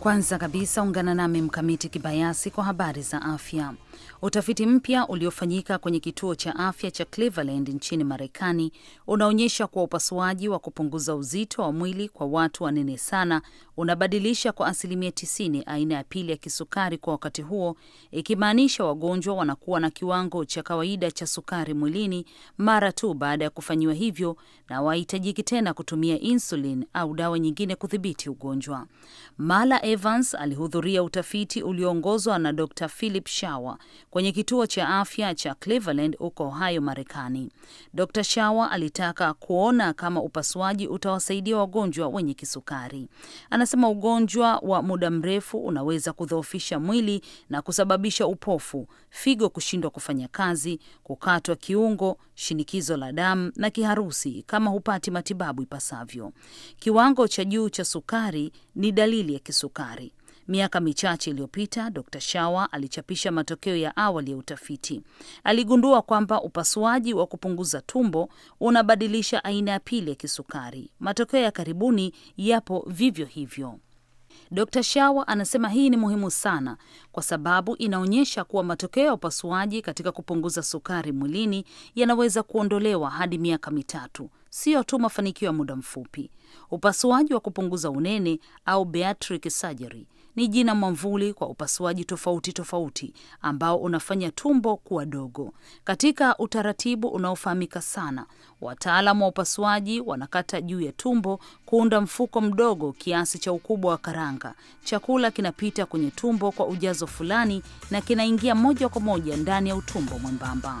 Kwanza kabisa ungana nami Mkamiti Kibayasi kwa habari za afya. Utafiti mpya uliofanyika kwenye kituo cha afya cha Cleveland nchini Marekani unaonyesha kuwa upasuaji wa kupunguza uzito wa mwili kwa watu wanene sana unabadilisha kwa asilimia 90 aina ya pili ya kisukari kwa wakati huo, ikimaanisha wagonjwa wanakuwa na kiwango cha kawaida cha sukari mwilini mara tu baada ya kufanyiwa hivyo, na wahitajiki tena kutumia insulin au dawa nyingine kudhibiti ugonjwa. Mala Evans alihudhuria utafiti ulioongozwa na Dr Philip Shawer kwenye kituo cha afya cha Cleveland huko Ohio, Marekani. Dr Shawa alitaka kuona kama upasuaji utawasaidia wagonjwa wenye kisukari. Anasema ugonjwa wa muda mrefu unaweza kudhoofisha mwili na kusababisha upofu, figo kushindwa kufanya kazi, kukatwa kiungo, shinikizo la damu na kiharusi kama hupati matibabu ipasavyo. Kiwango cha juu cha sukari ni dalili ya kisukari. Miaka michache iliyopita, Dr Shawa alichapisha matokeo ya awali ya utafiti. Aligundua kwamba upasuaji wa kupunguza tumbo unabadilisha aina ya pili ya kisukari. Matokeo ya karibuni yapo vivyo hivyo. Dr Shawa anasema hii ni muhimu sana kwa sababu inaonyesha kuwa matokeo ya upasuaji katika kupunguza sukari mwilini yanaweza kuondolewa hadi miaka mitatu, sio tu mafanikio ya muda mfupi. Upasuaji wa kupunguza unene au bariatric surgery ni jina mwamvuli kwa upasuaji tofauti tofauti ambao unafanya tumbo kuwa dogo. Katika utaratibu unaofahamika sana, wataalamu wa upasuaji wanakata juu ya tumbo kuunda mfuko mdogo kiasi cha ukubwa wa karanga. Chakula kinapita kwenye tumbo kwa ujazo fulani na kinaingia moja kwa moja ndani ya utumbo mwembamba.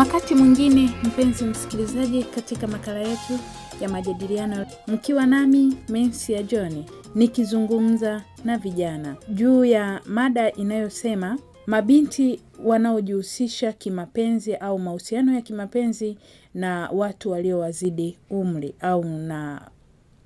wakati mwingine, mpenzi msikilizaji, katika makala yetu ya majadiliano, mkiwa nami Mensi ya John nikizungumza na vijana juu ya mada inayosema mabinti wanaojihusisha kimapenzi au mahusiano ya kimapenzi na watu waliowazidi umri au na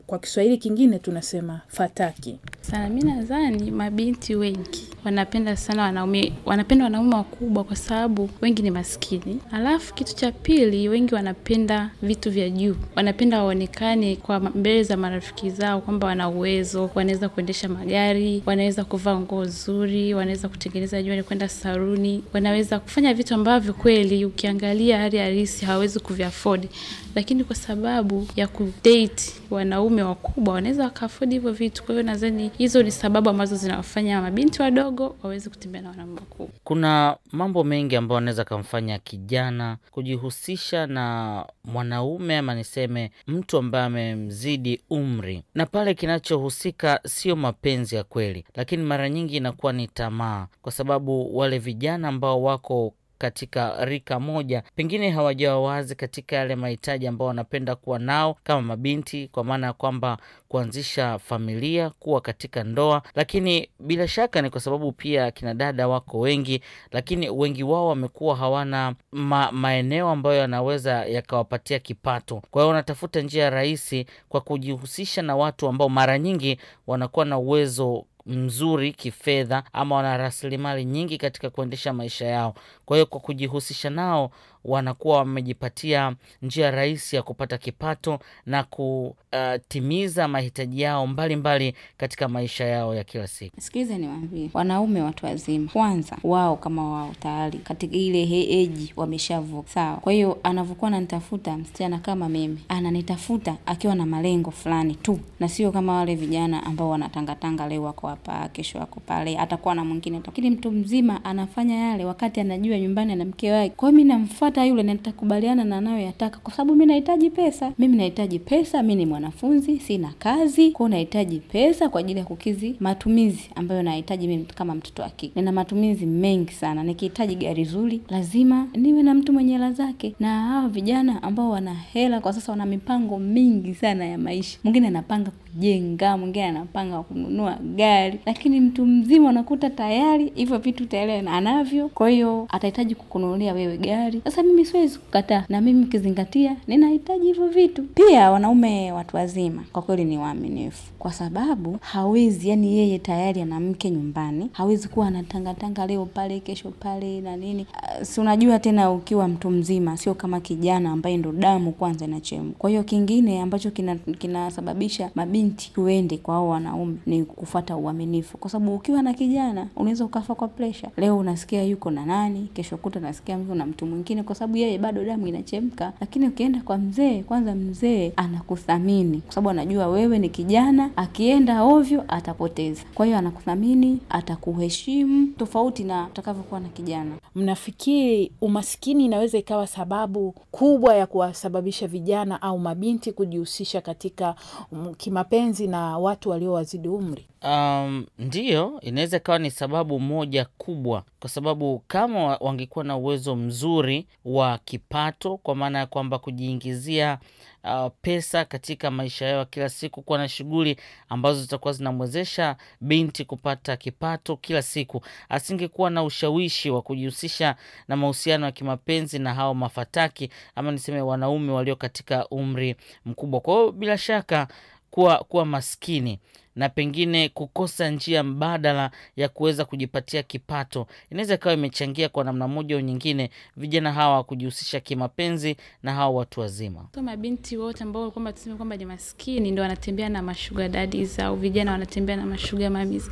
kwa Kiswahili kingine tunasema fataki sana. Mimi nadhani mabinti wengi wanapenda sana wanaume, wanapenda wanaume wakubwa kwa sababu wengi ni maskini. Alafu kitu cha pili, wengi wanapenda vitu vya juu, wanapenda waonekane kwa mbele za marafiki zao kwamba wana uwezo, wanaweza kuendesha magari, wanaweza kuvaa nguo nzuri, wanaweza kutengeneza nywele, kwenda saruni, wanaweza kufanya vitu ambavyo kweli ukiangalia hali halisi hawawezi kuviafodi, lakini kwa sababu ya kudate wanaume wakubwa wanaweza wakaafodi hivyo vitu. Kwa hiyo nadhani hizo ni sababu ambazo zinawafanya mabinti wadogo waweze kutembea na wanaume wakubwa. Kuna mambo mengi ambayo anaweza kamfanya kijana kujihusisha na mwanaume ama niseme mtu ambaye amemzidi umri, na pale kinachohusika sio mapenzi ya kweli, lakini mara nyingi inakuwa ni tamaa, kwa sababu wale vijana ambao wako katika rika moja, pengine hawajawa wazi katika yale mahitaji ambao wanapenda kuwa nao kama mabinti, kwa maana ya kwamba kuanzisha familia, kuwa katika ndoa. Lakini bila shaka ni kwa sababu pia kina dada wako wengi, lakini wengi wao wamekuwa hawana ma maeneo ambayo yanaweza yakawapatia kipato. Kwa hiyo wanatafuta njia rahisi kwa kujihusisha na watu ambao mara nyingi wanakuwa na uwezo mzuri kifedha ama wana rasilimali nyingi katika kuendesha maisha yao. Kwa hiyo kwa kujihusisha nao wanakuwa wamejipatia njia rahisi ya kupata kipato na kutimiza mahitaji yao mbalimbali mbali katika maisha yao ya kila siku. Sikiliza niwaambie, wanaume watu wazima kwanza, wao kama wao tayari katika ile heeji wameshavuka, sawa. Kwa hiyo anavyokuwa ananitafuta msichana kama mimi, ananitafuta akiwa na malengo fulani tu, na sio kama wale vijana ambao wanatangatanga, leo wako hapa, kesho wako pale, atakuwa na mwingine. Lakini mtu mzima anafanya yale wakati anajua nyumbani ana mke wake. Kwa hiyo mimi namfuata hata yule nitakubaliana na yataka kwa sababu mi nahitaji pesa. Mimi nahitaji pesa, mi ni mwanafunzi, sina kazi, kwao nahitaji pesa kwa ajili ya kukizi matumizi ambayo nahitaji mimi kama mtoto wa kike. Nina matumizi mengi sana, nikihitaji gari zuri lazima niwe na mtu mwenye hela zake, na hawa vijana ambao wana hela kwa sasa wana mipango mingi sana ya maisha. Mwingine anapanga kujenga, mwingine anapanga kununua gari, lakini mtu mzima unakuta tayari hivyo vitu tayari anavyo, kwa hiyo atahitaji kukununulia wewe gari sasa Yaani mimi siwezi kukataa, na mimi ukizingatia ninahitaji hivyo vitu pia. Wanaume watu wazima kwa kweli ni waaminifu, kwa sababu hawezi yani, yeye tayari ana mke nyumbani, hawezi kuwa anatangatanga leo pale kesho pale na nini. Ah, si unajua tena, ukiwa mtu mzima, sio kama kijana ambaye ndo damu kwanza inachemu Kwa hiyo kingine ambacho kinasababisha kina mabinti kuende kwa ao wanaume ni kufata uaminifu, kwa sababu ukiwa na kijana unaweza ukafa kwa presha Leo unasikia yuko na nani, kesho kuta nasikia mko na mtu mwingine kwa kwa sababu yeye bado damu inachemka. Lakini ukienda kwa mzee, kwanza mzee anakuthamini kwa sababu anajua wewe ni kijana, akienda ovyo atapoteza. Kwa hiyo anakuthamini, atakuheshimu tofauti na utakavyokuwa na kijana. Mnafikiri umaskini inaweza ikawa sababu kubwa ya kuwasababisha vijana au mabinti kujihusisha katika mm, kimapenzi na watu waliowazidi umri? Um, ndiyo, inaweza ikawa ni sababu moja kubwa, kwa sababu kama wangekuwa na uwezo mzuri wa kipato, kwa maana ya kwamba kujiingizia uh, pesa katika maisha yao kila siku, kuwa na shughuli ambazo zitakuwa zinamwezesha binti kupata kipato kila siku. Asingekuwa na ushawishi wa kujihusisha na mahusiano ya kimapenzi na hao mafataki, ama niseme wanaume walio katika umri mkubwa. Kwa hiyo bila shaka kuwa, kuwa maskini na pengine kukosa njia mbadala ya kuweza kujipatia kipato, inaweza ikawa imechangia kwa namna moja au nyingine vijana hawa kujihusisha kimapenzi na hawa watu wazima. So, mabinti wote ambao kwamba tuseme kwamba ni maskini ndio wanatembea na mashuga dadis au vijana wanatembea na mashuga mamis.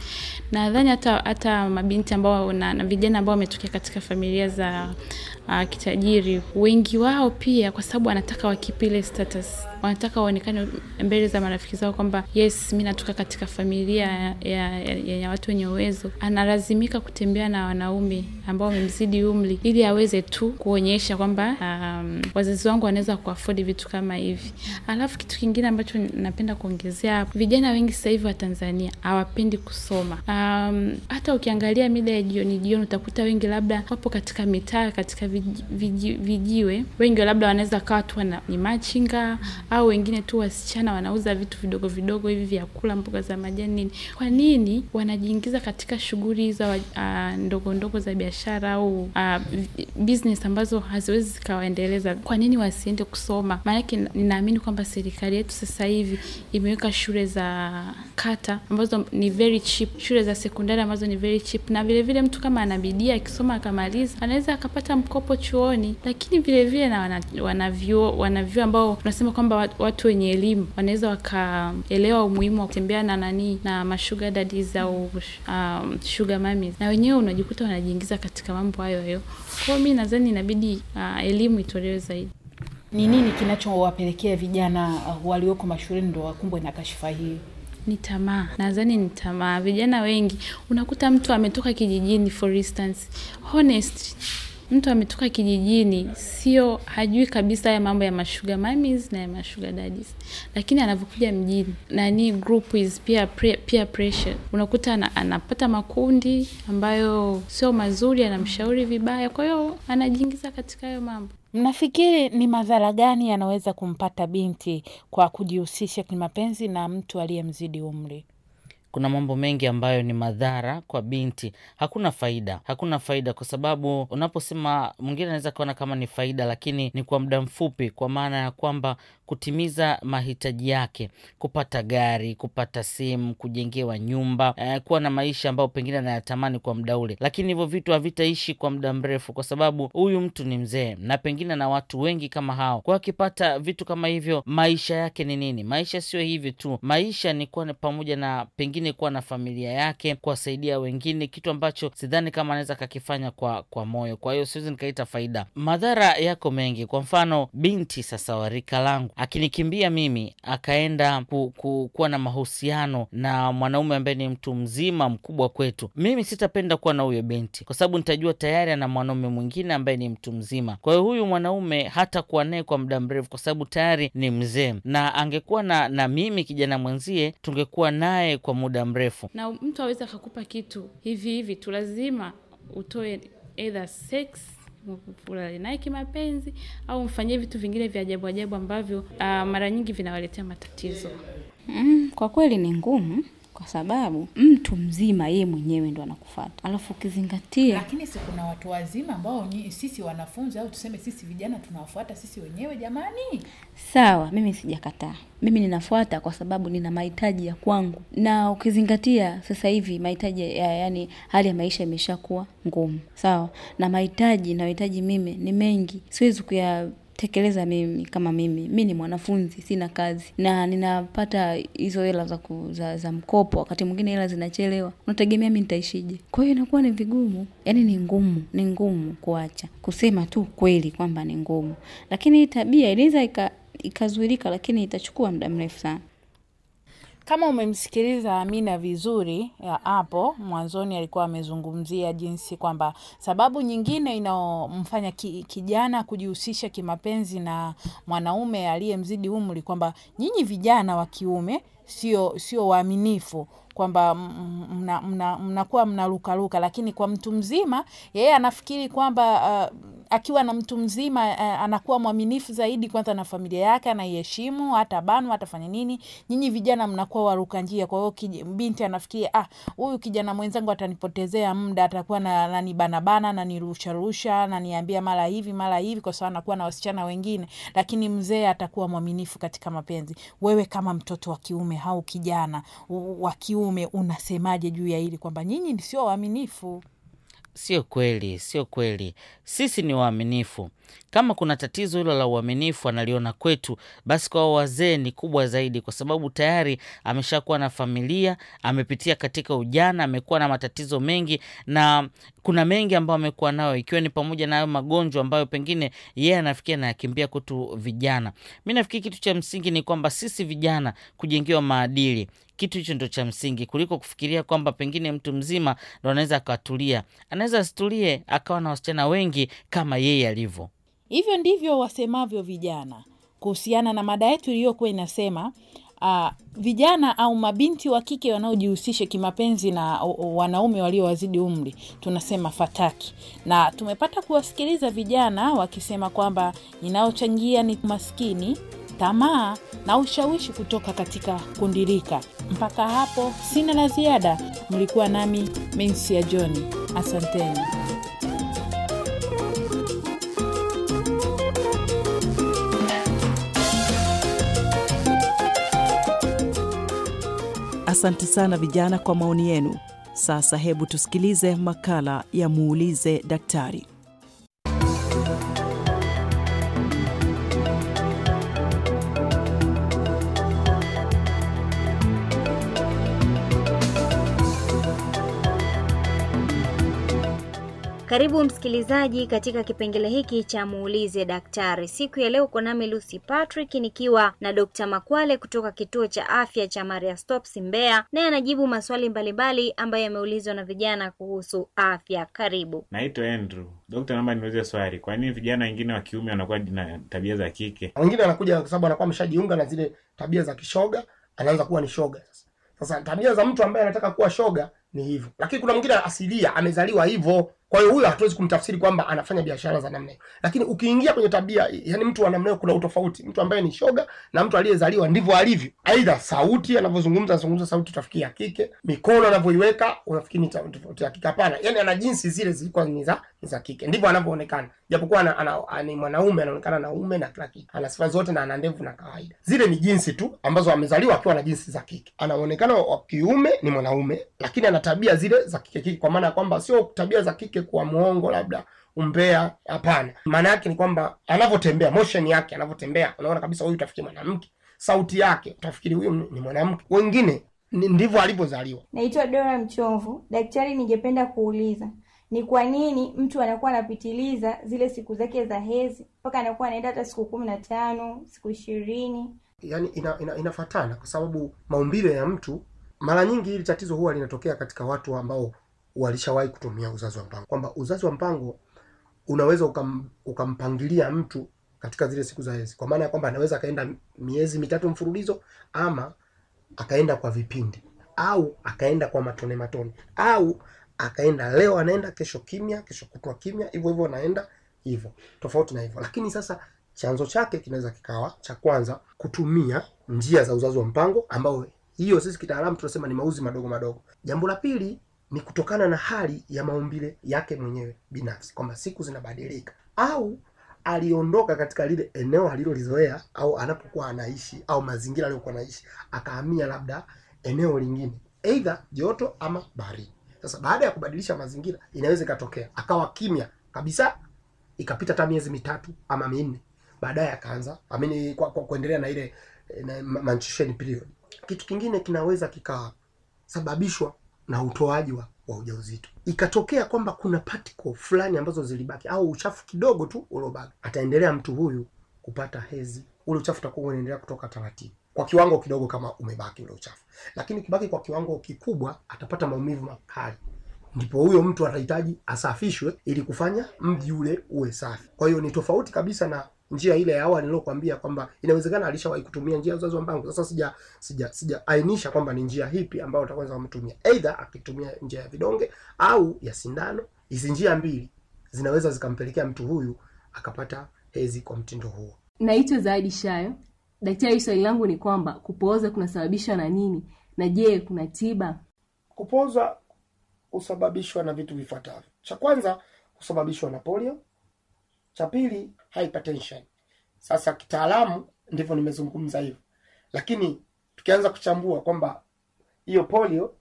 Nadhani hata hata mabinti ambao na, na vijana ambao wametokea katika familia za uh, kitajiri wengi wao pia, kwa sababu wanataka wakipile status, wanataka waonekane mbele za marafiki zao kwamba yes, mi natoka katika familia ya, ya, ya, ya watu wenye uwezo analazimika kutembea na wanaume ambao wamemzidi umri ili aweze tu kuonyesha kwamba um, wazazi wangu wanaweza kuafodi vitu kama hivi. Alafu kitu kingine ambacho napenda kuongezea hapo, vijana wengi sasa hivi wa Tanzania hawapendi kusoma. Um, hata ukiangalia mida ya jioni jioni utakuta wengi labda wapo katika mitaa, katika viji, viji, vijiwe, wengi labda wanaweza kawa tu ni machinga au wengine tu wasichana wanauza vitu vidogo vidogo hivi vyakula mboga za majani nini. Kwa nini wanajiingiza katika shughuli za uh, ndogo ndogo za biashara au uh, business ambazo haziwezi zikawaendeleza? Kwa nini wasiende kusoma? Maanake ninaamini kwamba serikali yetu sasa hivi imeweka shule za kata ambazo ni very cheap, shule za sekondari ambazo ni very cheap, na vile vile mtu kama anabidia akisoma akamaliza anaweza akapata mkopo chuoni, lakini vile vile na wanavyuo wanavyuo ambao unasema kwamba watu wenye elimu wanaweza wakaelewa umuhimu wa kutembea na nani na mashuga dadis au um, sugar mamis, na wenyewe unajikuta wanajiingiza katika mambo hayo hayo. Kwao mi nadhani inabidi uh, elimu itolewe zaidi. Ni nini kinachowapelekea vijana uh, walioko mashuleni ndo wakumbwe na kashifa hii? ni tamaa, nadhani ni tamaa. Vijana wengi unakuta mtu ametoka kijijini, for instance honest mtu ametoka kijijini, sio hajui kabisa haya mambo ya mashuga mamis na ya mashuga dadis, lakini anavyokuja mjini nani group is peer, peer pressure, unakuta anapata makundi ambayo sio mazuri, anamshauri vibaya, kwa hiyo anajiingiza katika hayo mambo. Mnafikiri ni madhara gani yanaweza kumpata binti kwa kujihusisha kimapenzi na mtu aliyemzidi umri? Kuna mambo mengi ambayo ni madhara kwa binti, hakuna faida, hakuna faida kwa sababu unaposema, mwingine anaweza kuona kama ni faida, lakini ni kwa muda mfupi, kwa maana ya kwamba kutimiza mahitaji yake, kupata gari, kupata simu, kujengewa nyumba, eh, kuwa na maisha ambayo pengine anayatamani kwa muda ule, lakini hivyo vitu havitaishi kwa muda mrefu, kwa sababu huyu mtu ni mzee, na pengine na watu wengi kama hao. Kwa akipata vitu kama hivyo, maisha yake ni nini? Maisha sio hivi tu, maisha ni kuwa pamoja na pengine kuwa na familia yake, kuwasaidia wengine, kitu ambacho sidhani kama anaweza kakifanya kwa kwa moyo. Kwa hiyo siwezi nikaita faida. Madhara yako mengi. Kwa mfano, binti sasa wa rika langu akinikimbia mimi akaenda ku, ku, kuwa na mahusiano na mwanaume ambaye ni mtu mzima mkubwa kwetu, mimi sitapenda kuwa na huyo binti, kwa sababu nitajua tayari ana mwanaume mwingine ambaye ni mtu mzima. Kwa hiyo huyu mwanaume hatakuwa naye kwa muda mrefu, kwa sababu tayari ni mzee, na angekuwa na, na mimi kijana mwenzie, tungekuwa naye kwa muda mrefu. Na mtu aweza akakupa kitu hivi hivi tu, lazima utoe either sex fulana kimapenzi au mfanyie vitu vingine vya ajabu ajabu ambavyo uh, mara nyingi vinawaletea matatizo. Mm, kwa kweli ni ngumu kwa sababu mm. mtu mzima yeye mwenyewe ndo anakufata, alafu ukizingatia. Lakini si kuna watu wazima ambao sisi wanafunzi au tuseme sisi vijana tunawafuata sisi wenyewe, jamani. Sawa, mimi sijakataa, mimi ninafuata kwa sababu nina mahitaji ya kwangu, na ukizingatia sasa hivi mahitaji ya yani, hali ya maisha imeshakuwa ngumu, sawa, na mahitaji mahitaji mimi ni mengi, siwezi kuya tekeleza mimi kama mimi. Mi ni mwanafunzi, sina kazi na ninapata hizo hela za, za, za mkopo, wakati mwingine hela zinachelewa, unategemea mi nitaishije? Kwa hiyo inakuwa ni vigumu, yaani ni ngumu, ni ngumu kuacha kusema tu kweli kwamba ni ngumu, lakini hii tabia inaweza ikazuirika lakini itachukua muda mrefu sana. Kama umemsikiliza Amina vizuri hapo mwanzoni, alikuwa amezungumzia jinsi kwamba sababu nyingine inayomfanya ki, kijana kujihusisha kimapenzi na mwanaume aliyemzidi umri, kwamba nyinyi vijana wa kiume sio sio waaminifu kwamba mnakuwa mna, mnarukaruka, lakini kwa mtu mzima yeye anafikiri kwamba uh, akiwa na mtu mzima eh, eh, anakuwa mwaminifu zaidi kwanza na familia yake, anaiheshimu, hata banu hatafanya nini. Nyinyi vijana mnakuwa waruka njia. Kwa hiyo binti anafikiria ah, huyu kijana mwenzangu atanipotezea muda, atakuwa na nanirusharusha, naniambia mara hivi mara hivi, kwa sababu anakuwa na wasichana wengine. Lakini mzee atakuwa mwaminifu katika mapenzi. Wewe kama mtoto wa kiume au kijana wa kiume unasemaje juu ya hili kwamba nyinyi sio waaminifu? Sio kweli, sio kweli. Sisi ni waaminifu. Kama kuna tatizo hilo la uaminifu analiona kwetu, basi kwa wazee ni kubwa zaidi, kwa sababu tayari ameshakuwa na familia, amepitia katika ujana, amekuwa na matatizo mengi, na kuna mengi ambayo amekuwa nayo, ikiwa ni pamoja na hayo magonjwa ambayo pengine yeye yeah, anafikia na kwetu vijana. Mi nafikiri kitu cha msingi ni kwamba sisi vijana kujengiwa maadili kitu hicho ndo cha msingi, kuliko kufikiria kwamba pengine mtu mzima ndo anaweza akatulia. Anaweza asitulie akawa na wasichana wengi kama yeye alivyo. Hivyo ndivyo wasemavyo vijana kuhusiana na mada yetu iliyokuwa inasema Uh, vijana au mabinti wa kike wanaojihusisha kimapenzi na wanaume waliowazidi umri tunasema fataki, na tumepata kuwasikiliza vijana wakisema kwamba inayochangia ni maskini tamaa na ushawishi kutoka katika kundirika Mpaka hapo sina la ziada. Mlikuwa nami ya Johni, asanteni. Asante sana vijana kwa maoni yenu. Sasa hebu tusikilize makala ya muulize daktari. Karibu msikilizaji katika kipengele hiki cha muulize daktari. Siku ya leo uko nami Lucy Patrick nikiwa na Dr. Makwale kutoka kituo cha afya cha Maria Stopes Mbeya, naye anajibu maswali mbalimbali ambayo yameulizwa na vijana kuhusu afya. Karibu. Naitwa Andrew. Dokta, naomba niulize swali, kwa nini vijana wengine wa kiume wanakuwa na tabia za kike? Wengine wanakuja kwa sababu anakuwa ameshajiunga na zile tabia za kishoga, anaanza kuwa ni shoga Sasa tabia za mtu ambaye anataka kuwa shoga ni hivyo, lakini kuna mwingine asilia amezaliwa hivyo. Kwa hiyo huyo hatuwezi kumtafsiri kwamba anafanya biashara za namna hiyo, lakini ukiingia kwenye tabia, yani mtu wa namna hiyo, kuna utofauti. Mtu ambaye ni shoga na mtu aliyezaliwa ndivyo alivyo, aidha sauti anavyozungumza, anazungumza sauti utafikiri ya kike, mikono anavyoiweka unafikiri ni tofauti ya kike. Hapana, yani ana jinsi zile zilikuwa ni za za kike, ndivyo anavyoonekana, japokuwa ana, ana, ana, ni mwanaume, anaonekana na ume na kila kitu, ana sifa zote na ana ndevu na kawaida. Zile ni jinsi tu ambazo amezaliwa akiwa na jinsi za kike, anaonekana wa kiume, ni mwanaume, lakini ana tabia zile za kike kike, kwa maana ya kwamba sio tabia za kike kuwa muongo labda umbea, hapana. Maana yake ni kwamba anavyotembea, motion yake anavyotembea, unaona kabisa huyu utafikiri mwanamke, sauti yake utafikiri huyu ni mwanamke. Wengine ndivyo alivyozaliwa. Naitwa Dora Mchovu. Daktari, ningependa kuuliza ni kwa nini mtu anakuwa anapitiliza zile siku zake za hezi mpaka anakuwa anaenda hata siku kumi na tano siku ishirini? Yani ina, ina, inafatana kwa sababu maumbile ya mtu mara nyingi hili tatizo huwa linatokea katika watu ambao walishawahi kutumia uzazi wa mpango, kwamba uzazi wa mpango unaweza ukam, ukampangilia mtu katika zile siku za hedhi, kwa maana ya kwamba anaweza akaenda miezi mitatu mfululizo ama akaenda kwa vipindi au akaenda kwa matone matone au akaenda leo anaenda kesho kimya, kesho kutwa kimya, hivyo hivyo anaenda hivyo, tofauti na hivyo. Lakini sasa chanzo chake kinaweza kikawa cha kwanza, kutumia njia za uzazi wa mpango ambao hiyo sisi kitaalamu tunasema ni mauzi madogo madogo. Jambo la pili ni kutokana na hali ya maumbile yake mwenyewe binafsi, kwamba siku zinabadilika au aliondoka katika lile eneo alilolizoea au anapokuwa anaishi au mazingira aliyokuwa anaishi, akahamia labda eneo lingine, aidha joto ama baridi. Sasa baada ya kubadilisha mazingira, inaweza ikatokea akawa kimya kabisa, ikapita hata miezi mitatu ama minne, baadaye akaanza amini kwa, kwa kuendelea na ile eh, na, manchisheni period kitu kingine kinaweza kikasababishwa na utoaji wa wa ujauzito. Ikatokea kwamba kuna particle fulani ambazo zilibaki au uchafu kidogo tu uliobaki, ataendelea mtu huyu kupata hezi, Ule uchafu utakuwa unaendelea kutoka taratibu kwa kiwango kidogo kama umebaki ule uchafu, lakini kibaki kwa kiwango kikubwa atapata maumivu makali. Ndipo huyo mtu atahitaji asafishwe ili kufanya mji ule uwe safi. Kwa hiyo ni tofauti kabisa na njia ile ya awali nilokuambia kwamba inawezekana alishawahi kutumia njia ya uzazi wa mpango. Sasa sija sija sijaainisha kwamba ni njia hipi ambayo utakwenda kumtumia, aidha akitumia njia ya vidonge au ya sindano. Hizi njia mbili zinaweza zikampelekea mtu huyu akapata hezi kwa mtindo huo. Naitwa Zaidi Shayo. Daktari, swali langu ni kwamba kupooza kunasababishwa na nini, na je, kuna tiba? Kupooza husababishwa na vitu vifuatavyo. Cha kwanza husababishwa na polio cha pili hypertension. Sasa kitaalamu ndivyo nimezungumza hivyo, lakini tukianza kuchambua kwamba hiyo polio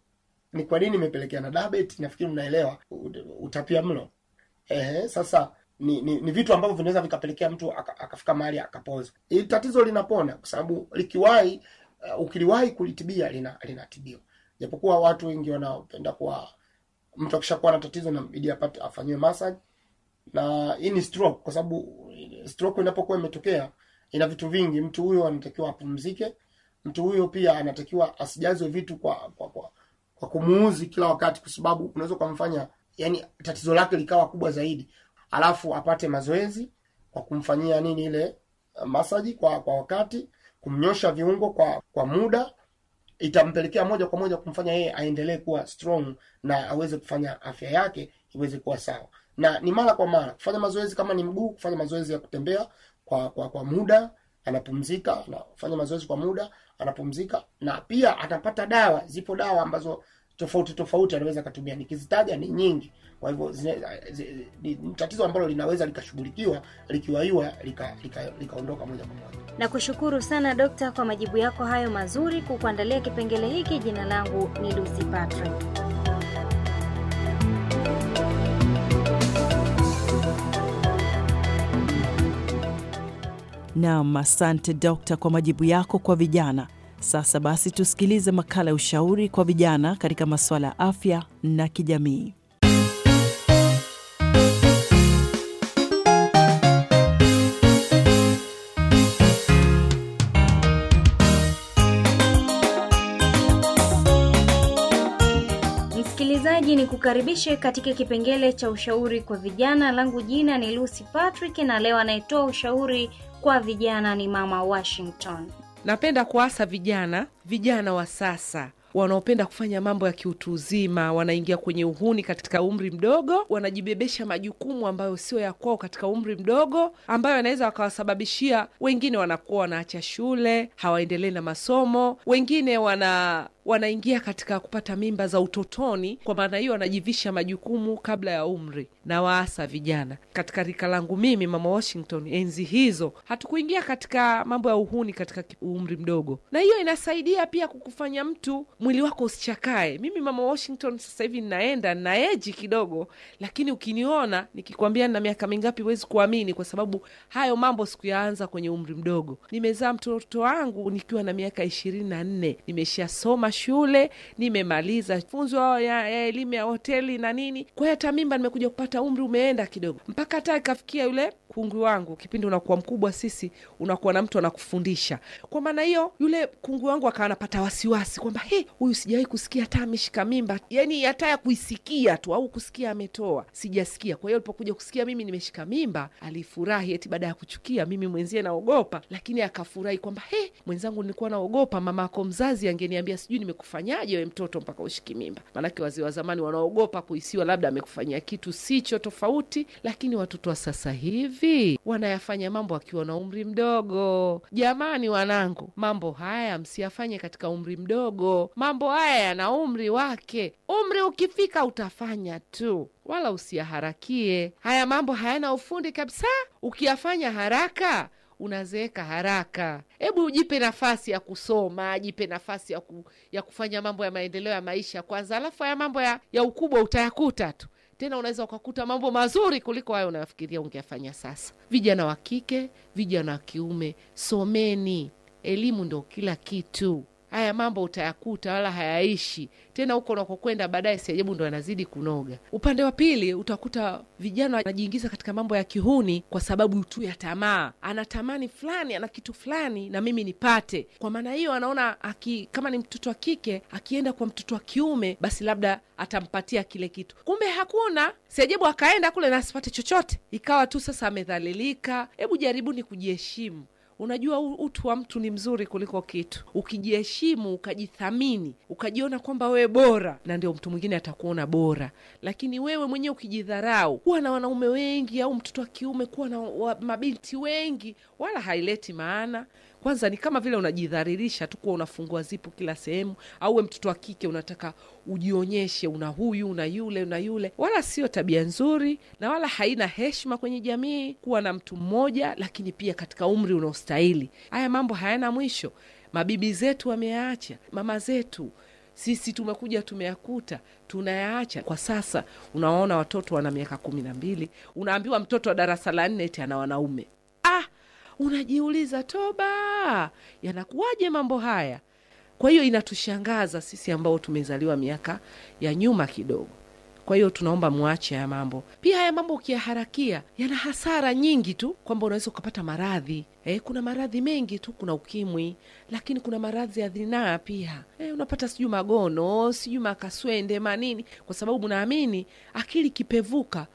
ni kwa nini imepelekea na diabetes, nafikiri unaelewa utapia mlo. Ehe, sasa ni, ni, ni vitu ambavyo vinaweza vikapelekea mtu akafika mahali akapoza. Hili tatizo linapona kwa sababu likiwahi, uh, ukiliwahi kulitibia lina linatibiwa, japokuwa watu wengi wanapenda kuwa mtu akishakuwa na tatizo na mbidi apate afanyiwe massage na hii ni stroke, kwa sababu stroke inapokuwa imetokea ina vitu vingi. Mtu huyo anatakiwa apumzike, mtu huyo pia anatakiwa asijazwe vitu kwa kwa, kwa, kwa kumuuzi kila wakati, kwa sababu unaweza kumfanya yani tatizo lake likawa kubwa zaidi, alafu apate mazoezi kwa kumfanyia nini ile uh, masaji kwa kwa wakati, kumnyosha viungo kwa kwa muda itampelekea moja kwa moja kumfanya yeye aendelee kuwa strong na aweze kufanya afya yake iweze kuwa sawa na ni mara kwa mara kufanya mazoezi, kama ni mguu, kufanya mazoezi ya kutembea kwa kwa, kwa muda anapumzika, anafanya mazoezi kwa muda anapumzika, na pia atapata dawa. Zipo dawa ambazo tofauti tofauti anaweza kutumia, nikizitaja ni nyingi. Kwa hivyo ni tatizo ambalo linaweza likashughulikiwa likiwaiwa likaondoka lika, lika moja kwa moja. Na kushukuru sana dokta kwa majibu yako hayo mazuri. Kukuandalia kipengele hiki, jina langu ni Lucy Patrick. Nam, asante dokta kwa majibu yako kwa vijana. Sasa basi tusikilize makala ya ushauri kwa vijana katika masuala ya afya na kijamii. Msikilizaji, ni kukaribishe katika kipengele cha ushauri kwa vijana. Langu jina ni Lucy Patrick, na leo anayetoa ushauri kwa vijana ni Mama Washington. Napenda kuasa vijana, vijana wa sasa wanaopenda kufanya mambo ya kiutu uzima, wanaingia kwenye uhuni katika umri mdogo, wanajibebesha majukumu ambayo sio ya kwao katika umri mdogo, ambayo wanaweza wakawasababishia wengine wanakuwa wanaacha shule, hawaendelei na masomo, wengine wana wanaingia katika kupata mimba za utotoni. Kwa maana hiyo, wanajivisha majukumu kabla ya umri, na waasa vijana katika rika langu mimi, mama Washington, enzi hizo hatukuingia katika mambo ya uhuni katika umri mdogo, na hiyo inasaidia pia kukufanya mtu mwili wako usichakae. Mimi mama Washington sasa hivi ninaenda na eji kidogo, lakini ukiniona nikikwambia na miaka mingapi, huwezi kuamini, kwa sababu hayo mambo sikuyaanza kwenye umri mdogo. Nimezaa mtoto wangu nikiwa na miaka ishirini na nne, nimeshasoma shule, nimemaliza funzo ya, ya elimu ya hoteli na nini. Kwa hiyo hata mimba nimekuja kupata, umri umeenda kidogo, mpaka hata ikafikia yule kungwi wangu kipindi unakuwa mkubwa, sisi unakuwa na mtu anakufundisha. Kwa maana hiyo, yule kungwi wangu akawa anapata wasiwasi kwamba he, huyu sijawahi kusikia hata ameshika mimba, yani hata ya kuisikia tu au kusikia ametoa, sijasikia. Kwa hiyo alipokuja kusikia mimi nimeshika mimba, alifurahi eti baada ya kuchukia mimi mwenzie naogopa, lakini akafurahi kwamba he, mwenzangu nilikuwa naogopa, mamako mzazi angeniambia sijui nimekufanyaje we mtoto mpaka ushiki mimba. Maanake wazee wa zamani wanaogopa kuisiwa labda amekufanyia kitu sicho tofauti, lakini watoto wa sasa hivi hivi wanayafanya mambo akiwa na umri mdogo. Jamani wanangu, mambo haya msiyafanye katika umri mdogo. Mambo haya yana umri wake, umri ukifika utafanya tu, wala usiyaharakie. Haya mambo hayana ufundi kabisa, ukiyafanya haraka unazeeka haraka. Hebu ujipe nafasi ya kusoma, jipe nafasi ya, ku, ya kufanya mambo ya maendeleo ya maisha kwanza, alafu haya mambo ya, ya ukubwa utayakuta tu tena unaweza ukakuta mambo mazuri kuliko hayo unayofikiria ungeyafanya sasa. Vijana wa kike, vijana wa kiume, someni. Elimu ndo kila kitu haya mambo utayakuta, wala hayaishi tena. Huko unakokwenda baadaye, si ajabu ndo anazidi kunoga. Upande wa pili utakuta vijana wanajiingiza katika mambo ya kihuni kwa sababu tu ya tamaa, anatamani fulani, ana kitu fulani na mimi nipate. Kwa maana hiyo, anaona aki, kama ni mtoto wa kike akienda kwa mtoto wa kiume, basi labda atampatia kile kitu, kumbe hakuna. Si ajabu akaenda kule na asipate chochote, ikawa tu sasa amedhalilika. Hebu jaribuni kujiheshimu. Unajua utu wa mtu ni mzuri kuliko kitu. Ukijiheshimu, ukajithamini, ukajiona kwamba wewe bora, na ndio mtu mwingine atakuona bora. Lakini wewe mwenyewe ukijidharau, kuwa na wanaume wengi au mtoto wa kiume kuwa na mabinti wengi, wala haileti maana kwanza ni kama vile unajidharirisha tu kuwa unafungua zipu kila sehemu, au we mtoto wa kike unataka ujionyeshe una huyu una yule una yule, wala sio tabia nzuri na wala haina heshma kwenye jamii kuwa na mtu mmoja, lakini pia katika umri unaostahili. Haya mambo hayana mwisho, mabibi zetu wameyaacha, mama zetu sisi tumekuja tumeyakuta, tunayaacha kwa sasa. Unawaona watoto wana miaka kumi na mbili, unaambiwa mtoto wa darasa la nne ti ana wanaume unajiuliza toba, yanakuwaje mambo haya? Kwa hiyo inatushangaza sisi ambao tumezaliwa miaka ya nyuma kidogo. Kwa hiyo tunaomba mwache haya mambo. Pia haya mambo ukiyaharakia, yana hasara nyingi tu, kwamba unaweza ukapata maradhi e, Kuna maradhi mengi tu, kuna ukimwi, lakini kuna maradhi ya dhinaa pia e, unapata sijui magono, sijui makaswende, manini, kwa sababu naamini akili kipevuka,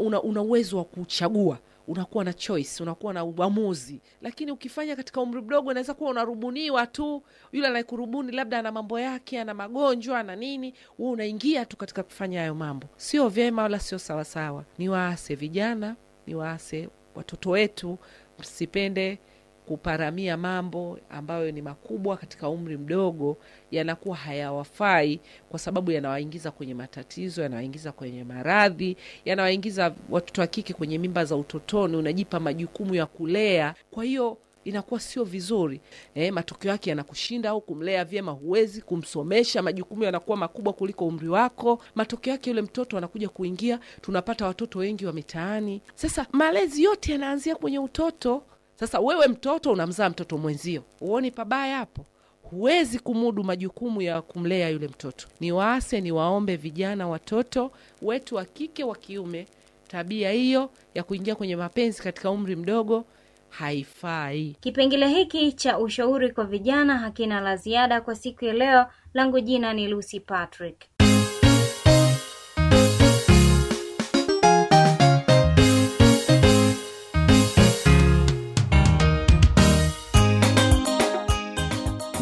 una uwezo wa kuchagua unakuwa na choice, unakuwa na uamuzi. Lakini ukifanya katika umri mdogo, unaweza kuwa unarubuniwa tu, yule anayekurubuni labda ana mambo yake, ana magonjwa, ana nini, huu unaingia tu katika kufanya hayo mambo. Sio vyema wala sio sawasawa. ni waase vijana, ni waase watoto wetu, msipende kuparamia mambo ambayo ni makubwa katika umri mdogo yanakuwa hayawafai kwa sababu yanawaingiza kwenye matatizo, yanawaingiza kwenye maradhi, yanawaingiza watoto wa kike kwenye mimba za utotoni, unajipa majukumu ya kulea. Kwa hiyo inakuwa sio vizuri eh, matokeo yake yanakushinda, au kumlea vyema huwezi, kumsomesha, majukumu yanakuwa makubwa kuliko umri wako. Matokeo yake yule mtoto anakuja kuingia, tunapata watoto wengi wa mitaani. Sasa malezi yote yanaanzia kwenye utoto. Sasa wewe mtoto unamzaa mtoto mwenzio, huoni pabaya hapo? Huwezi kumudu majukumu ya kumlea yule mtoto. Ni waase ni waombe vijana, watoto wetu wa kike, wa kiume, tabia hiyo ya kuingia kwenye mapenzi katika umri mdogo haifai. Kipengele hiki cha ushauri kwa vijana hakina la ziada kwa siku ya leo. Langu jina ni Lucy Patrick.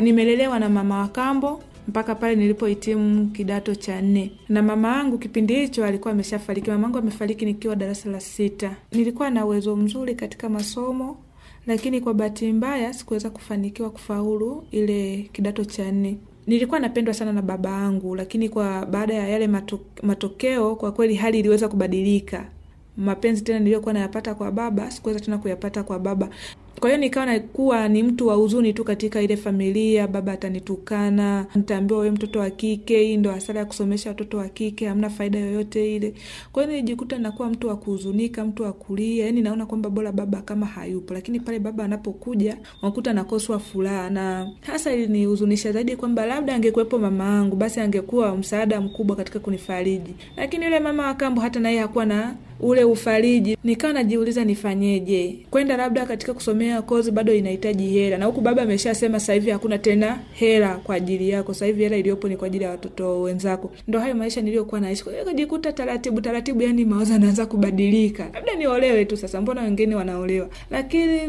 Nimelelewa na mama wa kambo mpaka pale nilipohitimu kidato cha nne, na mama yangu kipindi hicho alikuwa ameshafariki. Mama yangu amefariki nikiwa darasa la sita. Nilikuwa na uwezo mzuri katika masomo, lakini kwa bahati mbaya sikuweza kufanikiwa kufaulu ile kidato cha nne. Nilikuwa napendwa sana na baba yangu, lakini kwa baada ya yale matokeo, kwa kweli hali iliweza kubadilika. Mapenzi tena niliyokuwa nayapata kwa baba sikuweza tena kuyapata kwa baba. Kwa hiyo nikawa nakuwa ni mtu wa huzuni tu katika ile familia, baba atanitukana, ntaambiwa we mtoto wa kike, hii ndo hasara ya kusomesha watoto wa kike, hamna faida yoyote ile. Kwa hiyo nilijikuta nakuwa mtu wa kuhuzunika, mtu wa kulia, yani naona kwamba bora baba kama hayupo, lakini pale baba anapokuja wakuta nakoswa furaha, na hasa ilinihuzunisha zaidi kwamba labda angekuwepo mama yangu, basi angekuwa msaada mkubwa katika kunifariji, lakini yule mama wa kambo hata naye hakuwa na ule ufariji. Nikawa najiuliza nifanyeje, kwenda labda katika kusomea kusomea kozi bado inahitaji hela, na huku baba ameshasema sasa hivi hakuna tena hela kwa ajili yako, sasa hivi hela iliyopo ni kwa ajili ya watoto wenzako. Ndo hayo maisha niliyokuwa naishi. Kwa hiyo kajikuta taratibu taratibu, yani mawazo anaanza kubadilika, labda niolewe tu sasa, mbona wengine wanaolewa, lakini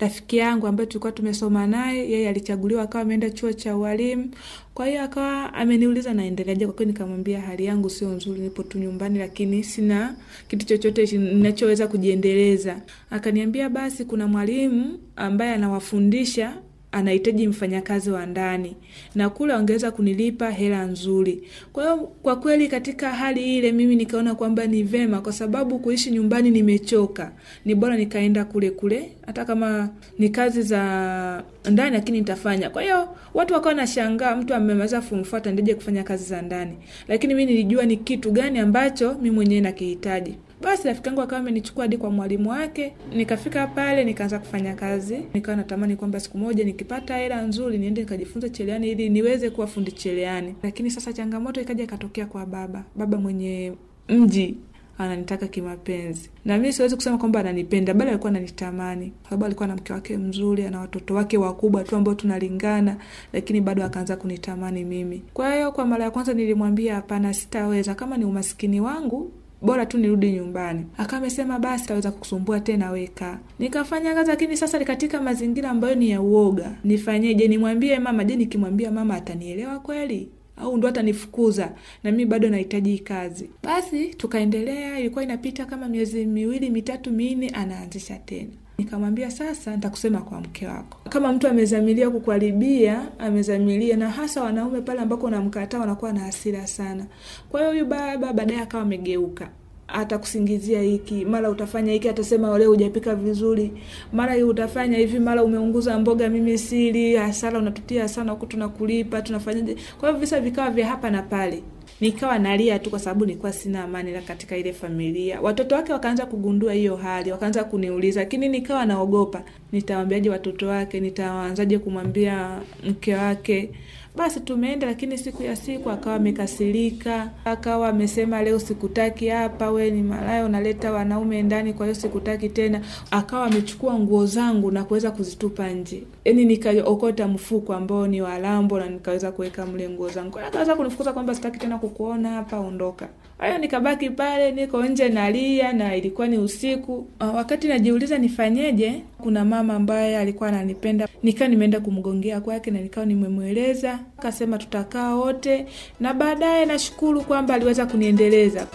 rafiki yangu ambaye tulikuwa tumesoma naye, yeye alichaguliwa akawa ameenda chuo cha ualimu. Kwa hiyo akawa ameniuliza naendeleaje, kwa kweli nikamwambia hali yangu sio nzuri, nipo tu nyumbani, lakini sina kitu chochote ninachoweza kujiendeleza. Akaniambia basi kuna mwalimu ambaye anawafundisha anahitaji mfanyakazi wa ndani, na kule wangeweza kunilipa hela nzuri. Kwa hiyo kwa kweli, katika hali ile mimi nikaona kwamba ni vema, kwa sababu kuishi nyumbani nimechoka, ni bora nikaenda kule kule, hata kama ni kazi za ndani, lakini nitafanya. Kwa hiyo watu wakawa nashangaa, mtu amemaliza fumfuata ndeje kufanya kazi za ndani? Lakini mi nilijua ni kitu gani ambacho mi mwenyewe nakihitaji. Basi rafiki yangu akawa amenichukua hadi kwa mwalimu wake. Nikafika pale nikaanza kufanya kazi, nikawa natamani kwamba siku moja nikipata hela nzuri niende nikajifunza cheleani ili niweze kuwa fundi cheleani. Lakini sasa changamoto ikaja ikatokea kwa baba, baba mwenye mji ananitaka kimapenzi, na mi siwezi kusema kwamba ananipenda, bali alikuwa ananitamani, kwa sababu alikuwa na mke wake mzuri, ana watoto wake wakubwa tu ambao tunalingana, lakini bado akaanza kunitamani mimi. Kwa hiyo, kwa mara ya kwanza nilimwambia hapana, sitaweza. Kama ni umaskini wangu bora tu nirudi nyumbani. Akawa amesema basi taweza kusumbua tena weka. Nikafanya kazi, lakini sasa katika mazingira ambayo ni ya uoga. Nifanyeje? Nimwambie mama? Je, nikimwambia mama atanielewa kweli au ndo atanifukuza na mimi bado nahitaji kazi? Basi tukaendelea, ilikuwa inapita kama miezi miwili mitatu minne, anaanzisha tena Nikamwambia sasa nitakusema kwa mke wako. Kama mtu amezamilia kukuharibia, amezamilia na hasa wanaume pale ambako unamkataa wanakuwa na hasira sana. Kwa hiyo huyu baba baadaye akawa amegeuka atakusingizia hiki, mara utafanya hiki, atasema leo hujapika vizuri, mara utafanya hivi, mara umeunguza mboga mimi sili, hasara unatutia sana huku, tunakulipa tunafanyaje? Kwa hiyo visa vikawa vya hapa na pale nikawa nalia tu, kwa sababu nilikuwa sina amani katika ile familia. Watoto wake wakaanza kugundua hiyo hali, wakaanza kuniuliza, lakini nikawa naogopa, nitawambiaje watoto wake? Nitaanzaje kumwambia mke wake? Basi tumeenda, lakini siku ya siku akawa amekasirika, akawa amesema leo sikutaki hapa, we ni malaya, unaleta wanaume ndani, kwa hiyo sikutaki tena. Akawa amechukua nguo zangu na kuweza kuzitupa nje yani nikaokota mfuko ambao ni wa na nikaweza kuweka mle nguo zangu. akaweza kunifukuza kwamba sitaki tena kukuona hapa, ondoka. Kwa nikabaki pale niko nje nalia, na ilikuwa ni usiku. Ah, wakati najiuliza nifanyeje, kuna mama ambaye alikuwa ananipenda, nikawa nimeenda kumgongea kwake na nikawa nimemweleza, akasema tutakaa wote, na baadaye nashukuru kwamba aliweza kuniendeleza.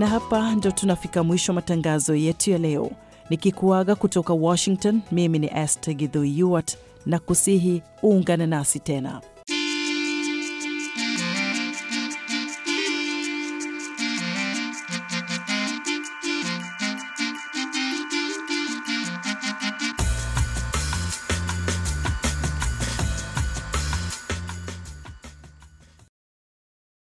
Na hapa ndo tunafika mwisho matangazo yetu ya leo, nikikuaga kutoka Washington. Mimi ni Esther Githu Yuart, na kusihi uungane nasi tena.